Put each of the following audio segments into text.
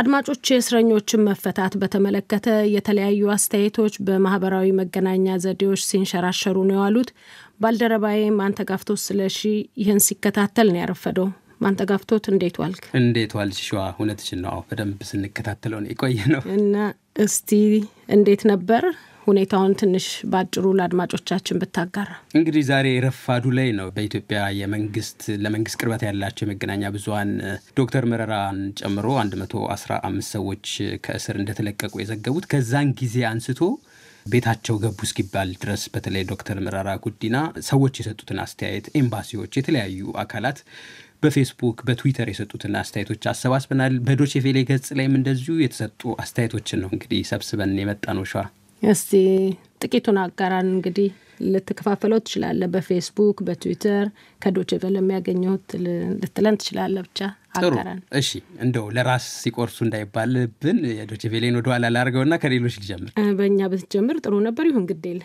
አድማጮች የእስረኞችን መፈታት በተመለከተ የተለያዩ አስተያየቶች በማህበራዊ መገናኛ ዘዴዎች ሲንሸራሸሩ ነው የዋሉት። ባልደረባዬ ማንተጋፍቶ ስለሺ ይህን ሲከታተል ነው ያረፈደው። ማንተጋፍቶት እንዴት ዋልክ? እንዴት ዋልሽ? ሸዋ እውነትሽን ነው። በደንብ ስንከታተለው የቆየ ነው እና እስቲ እንዴት ነበር? ሁኔታውን ትንሽ በአጭሩ ለአድማጮቻችን ብታጋራ። እንግዲህ ዛሬ ረፋዱ ላይ ነው በኢትዮጵያ የመንግስት ለመንግስት ቅርበት ያላቸው የመገናኛ ብዙሀን ዶክተር መረራን ጨምሮ 115 ሰዎች ከእስር እንደተለቀቁ የዘገቡት። ከዛን ጊዜ አንስቶ ቤታቸው ገቡ እስኪባል ድረስ በተለይ ዶክተር መረራ ጉዲና ሰዎች የሰጡትን አስተያየት ኤምባሲዎች፣ የተለያዩ አካላት በፌስቡክ በትዊተር የሰጡትን አስተያየቶች አሰባስበናል። በዶቼ ገጽ ላይም እንደዚሁ የተሰጡ አስተያየቶችን ነው እንግዲህ ሰብስበን የመጣ ነው ሸዋ እስቲ ጥቂቱን አጋራን። እንግዲህ ልትከፋፈለው ትችላለ በፌስቡክ፣ በትዊተር ከዶቼ ቬለ የሚያገኘሁት ልትለን ትችላለ ብቻ ጥሩ እሺ፣ እንደው ለራስ ሲቆርሱ እንዳይባልብን የዶችቬሌን ወደ ኋላ ና ከሌሎች ልጀምር። በእኛ ብትጀምር ጥሩ ነበር። ይሁን ግዴል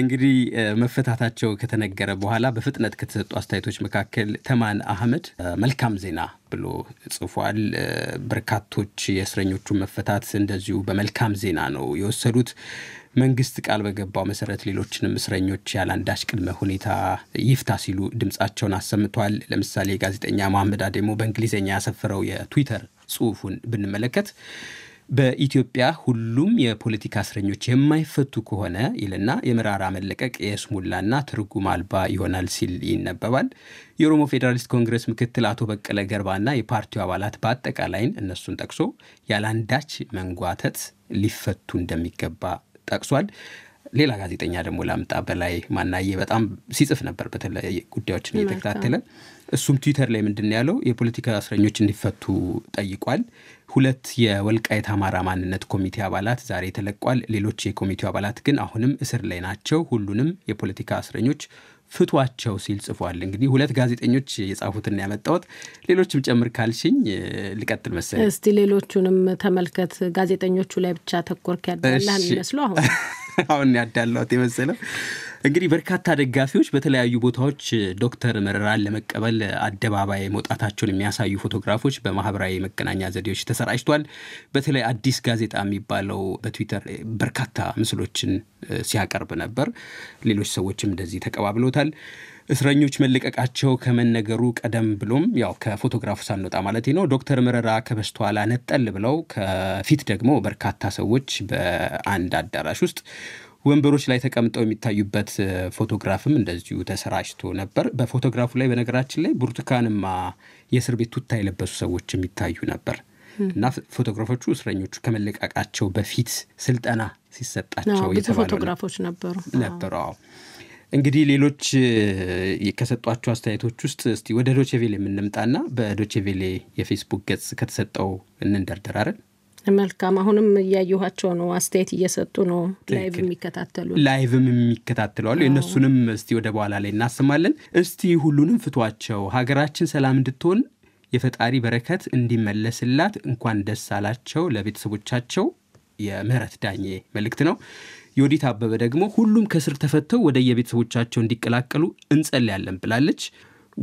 እንግዲህ መፈታታቸው ከተነገረ በኋላ በፍጥነት ከተሰጡ አስተያየቶች መካከል ተማን አህመድ መልካም ዜና ብሎ ጽፏል። በርካቶች የእስረኞቹን መፈታት እንደዚሁ በመልካም ዜና ነው የወሰዱት። መንግስት ቃል በገባው መሰረት ሌሎችንም እስረኞች ያለአንዳች ቅድመ ሁኔታ ይፍታ ሲሉ ድምፃቸውን አሰምተዋል። ለምሳሌ ጋዜጠኛ መሐመድ አደሞ በእንግሊዝኛ ያሰፈረው የትዊተር ጽሁፉን ብንመለከት በኢትዮጵያ ሁሉም የፖለቲካ እስረኞች የማይፈቱ ከሆነ ይልና የመራራ መለቀቅ የስሙላና ትርጉም አልባ ይሆናል ሲል ይነበባል። የኦሮሞ ፌዴራሊስት ኮንግረስ ምክትል አቶ በቀለ ገርባና የፓርቲው አባላት በአጠቃላይን እነሱን ጠቅሶ ያለአንዳች መንጓተት ሊፈቱ እንደሚገባ ጠቅሷል። ሌላ ጋዜጠኛ ደግሞ ላምጣ፣ በላይ ማናዬ በጣም ሲጽፍ ነበር፣ በተለያየ ጉዳዮችን እየተከታተለ እሱም ትዊተር ላይ ምንድን ያለው የፖለቲካ እስረኞች እንዲፈቱ ጠይቋል። ሁለት የወልቃይት አማራ ማንነት ኮሚቴ አባላት ዛሬ ተለቋል። ሌሎች የኮሚቴው አባላት ግን አሁንም እስር ላይ ናቸው። ሁሉንም የፖለቲካ እስረኞች ፍቷቸው ሲል ጽፏል። እንግዲህ ሁለት ጋዜጠኞች የጻፉትና ያመጣሁት ሌሎችም ጨምር ካልሽኝ ልቀጥል መሰለኝ። እስቲ ሌሎቹንም ተመልከት። ጋዜጠኞቹ ላይ ብቻ ተኮርክ ያዳላል ይመስሉ አሁን አሁን ያዳላሁት የመሰለው እንግዲህ በርካታ ደጋፊዎች በተለያዩ ቦታዎች ዶክተር መረራን ለመቀበል አደባባይ መውጣታቸውን የሚያሳዩ ፎቶግራፎች በማህበራዊ መገናኛ ዘዴዎች ተሰራጭቷል። በተለይ አዲስ ጋዜጣ የሚባለው በትዊተር በርካታ ምስሎችን ሲያቀርብ ነበር። ሌሎች ሰዎችም እንደዚህ ተቀባብለውታል። እስረኞች መለቀቃቸው ከመነገሩ ቀደም ብሎም ያው ከፎቶግራፉ ሳንወጣ ማለት ነው ዶክተር መረራ ከበስተኋላ ነጠል ብለው ከፊት ደግሞ በርካታ ሰዎች በአንድ አዳራሽ ውስጥ ወንበሮች ላይ ተቀምጠው የሚታዩበት ፎቶግራፍም እንደዚሁ ተሰራጭቶ ነበር። በፎቶግራፉ ላይ በነገራችን ላይ ብርቱካንማ የእስር ቤት ቱታ የለበሱ ሰዎች የሚታዩ ነበር እና ፎቶግራፎቹ እስረኞቹ ከመለቃቃቸው በፊት ስልጠና ሲሰጣቸው ፎቶግራፎች ነበሩ ነበሩ። እንግዲህ ሌሎች ከሰጧቸው አስተያየቶች ውስጥ እስቲ ወደ ዶቼቬሌ የምንምጣና በዶቼቬሌ የፌስቡክ ገጽ ከተሰጠው እንንደርደራረን መልካም። አሁንም እያየኋቸው ነው። አስተያየት እየሰጡ ነው። ላይቭ የሚከታተሉ ላይቭም የሚከታተለዋሉ። የእነሱንም እስቲ ወደ በኋላ ላይ እናሰማለን። እስቲ ሁሉንም ፍቷቸው። ሀገራችን ሰላም እንድትሆን የፈጣሪ በረከት እንዲመለስላት እንኳን ደስ አላቸው ለቤተሰቦቻቸው የምህረት ዳኜ መልእክት ነው። የወዲት አበበ ደግሞ ሁሉም ከስር ተፈተው ወደ የቤተሰቦቻቸው እንዲቀላቀሉ እንጸልያለን ብላለች።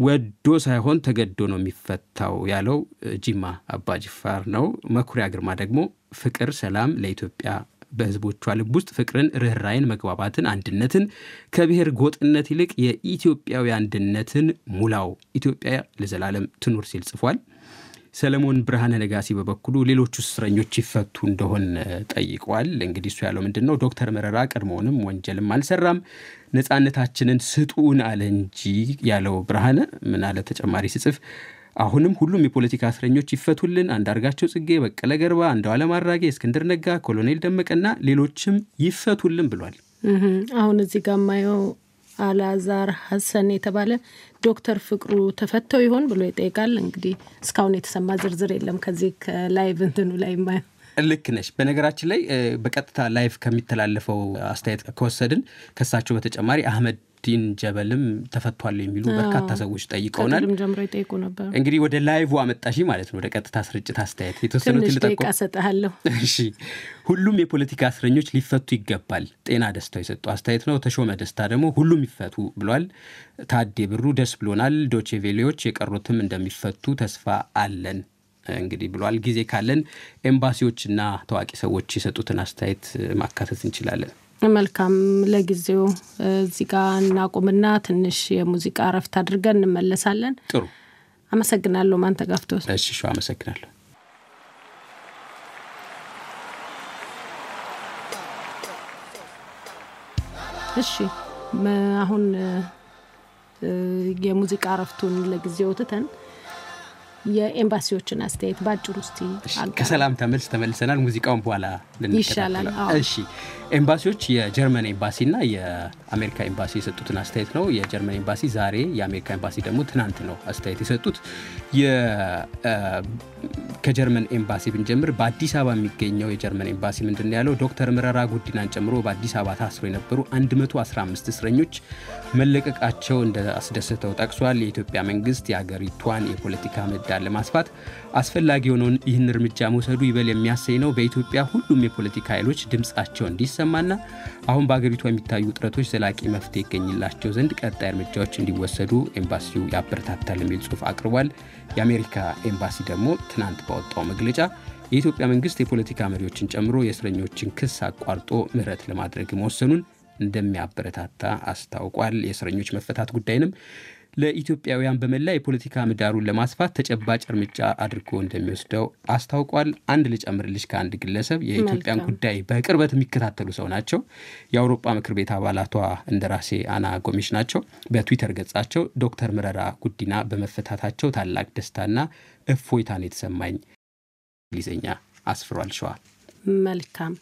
ወዶ ሳይሆን ተገዶ ነው የሚፈታው ያለው ጂማ አባጅፋር ነው። መኩሪያ ግርማ ደግሞ ፍቅር፣ ሰላም ለኢትዮጵያ በህዝቦቿ ልብ ውስጥ ፍቅርን፣ ርኅራይን፣ መግባባትን፣ አንድነትን ከብሔር ጎጥነት ይልቅ የኢትዮጵያዊ አንድነትን ሙላው ኢትዮጵያ ለዘላለም ትኑር ሲል ጽፏል። ሰለሞን ብርሃነ ነጋሲ በበኩሉ ሌሎቹ እስረኞች ይፈቱ እንደሆን ጠይቋል። እንግዲህ እሱ ያለው ምንድን ነው? ዶክተር መረራ ቀድሞውንም ወንጀልም አልሰራም ነፃነታችንን ስጡን አለ እንጂ ያለው ብርሃነ ምን አለ ተጨማሪ ስጽፍ አሁንም ሁሉም የፖለቲካ እስረኞች ይፈቱልን። አንዳርጋቸው ጽጌ፣ በቀለ ገርባ፣ አንዱዓለም አራጌ፣ እስክንድር ነጋ፣ ኮሎኔል ደመቀና ሌሎችም ይፈቱልን ብሏል። አሁን እዚህ ጋር አላዛር ሀሰን የተባለ ዶክተር ፍቅሩ ተፈተው ይሆን ብሎ ይጠይቃል። እንግዲህ እስካሁን የተሰማ ዝርዝር የለም ከዚህ ከላይቭ እንትኑ ላይ ማየው ልክ ነሽ። በነገራችን ላይ በቀጥታ ላይቭ ከሚተላለፈው አስተያየት ከወሰድን ከሳቸው በተጨማሪ አህመድ ኑርዲን ጀበልም ተፈቷል የሚሉ በርካታ ሰዎች ጠይቀውናል። እንግዲህ ወደ ላይቭ አመጣሽ ማለት ነው፣ ወደ ቀጥታ ስርጭት አስተያየት የተወሰኑት እሺ ሁሉም የፖለቲካ እስረኞች ሊፈቱ ይገባል። ጤና ደስታው የሰጡ አስተያየት ነው። ተሾመ ደስታ ደግሞ ሁሉም ይፈቱ ብሏል። ታዴ ብሩ ደስ ብሎናል። ዶቼ ቬሌዎች የቀሩትም እንደሚፈቱ ተስፋ አለን እንግዲህ ብሏል። ጊዜ ካለን ኤምባሲዎችና ታዋቂ ሰዎች የሰጡትን አስተያየት ማካተት እንችላለን። መልካም ለጊዜው እዚህ ጋ እናቁምና ትንሽ የሙዚቃ እረፍት አድርገን እንመለሳለን። ጥሩ አመሰግናለሁ። ማንተጋፍቶት እሺ፣ አመሰግናለሁ። እሺ አሁን የሙዚቃ እረፍቱን ለጊዜው ትተን የኤምባሲዎችን አስተያየት በአጭር ውስጥ ከሰላም ተመልስ ተመልሰናል። ሙዚቃውን በኋላ ይሻላል። እሺ፣ ኤምባሲዎች የጀርመን ና የአሜሪካ ኤምባሲ የሰጡትን አስተያየት ነው። የጀርመን ኤምባሲ ዛሬ፣ የአሜሪካ ኤምባሲ ደግሞ ትናንት ነው አስተያየት የሰጡት። ከጀርመን ኤምባሲ ብንጀምር በአዲስ አበባ የሚገኘው የጀርመን ኤምባሲ ምንድን ያለው? ዶክተር ምረራ ጉዲናን ጨምሮ በአዲስ አበባ ታስሮ የነበሩ 115 እስረኞች መለቀቃቸው አስደሰተው ጠቅሷል። የኢትዮጵያ መንግስት የአገሪቷን የፖለቲካ ምህዳ ምህዳር ለማስፋት አስፈላጊ የሆነውን ይህን እርምጃ መውሰዱ ይበል የሚያሰኝ ነው። በኢትዮጵያ ሁሉም የፖለቲካ ኃይሎች ድምፃቸው እንዲሰማና አሁን በአገሪቷ የሚታዩ ውጥረቶች ዘላቂ መፍትሄ ይገኝላቸው ዘንድ ቀጣይ እርምጃዎች እንዲወሰዱ ኤምባሲው ያበረታታል የሚል ጽሑፍ አቅርቧል። የአሜሪካ ኤምባሲ ደግሞ ትናንት ባወጣው መግለጫ የኢትዮጵያ መንግስት የፖለቲካ መሪዎችን ጨምሮ የእስረኞችን ክስ አቋርጦ ምህረት ለማድረግ መወሰኑን እንደሚያበረታታ አስታውቋል። የእስረኞች መፈታት ጉዳይንም ለኢትዮጵያውያን በመላ የፖለቲካ ምህዳሩን ለማስፋት ተጨባጭ እርምጃ አድርጎ እንደሚወስደው አስታውቋል። አንድ ልጨምርልሽ ከአንድ ግለሰብ የኢትዮጵያን ጉዳይ በቅርበት የሚከታተሉ ሰው ናቸው። የአውሮፓ ምክር ቤት አባላቷ እንደራሴ አና ጎሜሽ ናቸው። በትዊተር ገጻቸው ዶክተር መረራ ጉዲና በመፈታታቸው ታላቅ ደስታና እፎይታን የተሰማኝ እንግሊዝኛ አስፍሯል። ሸዋ መልካም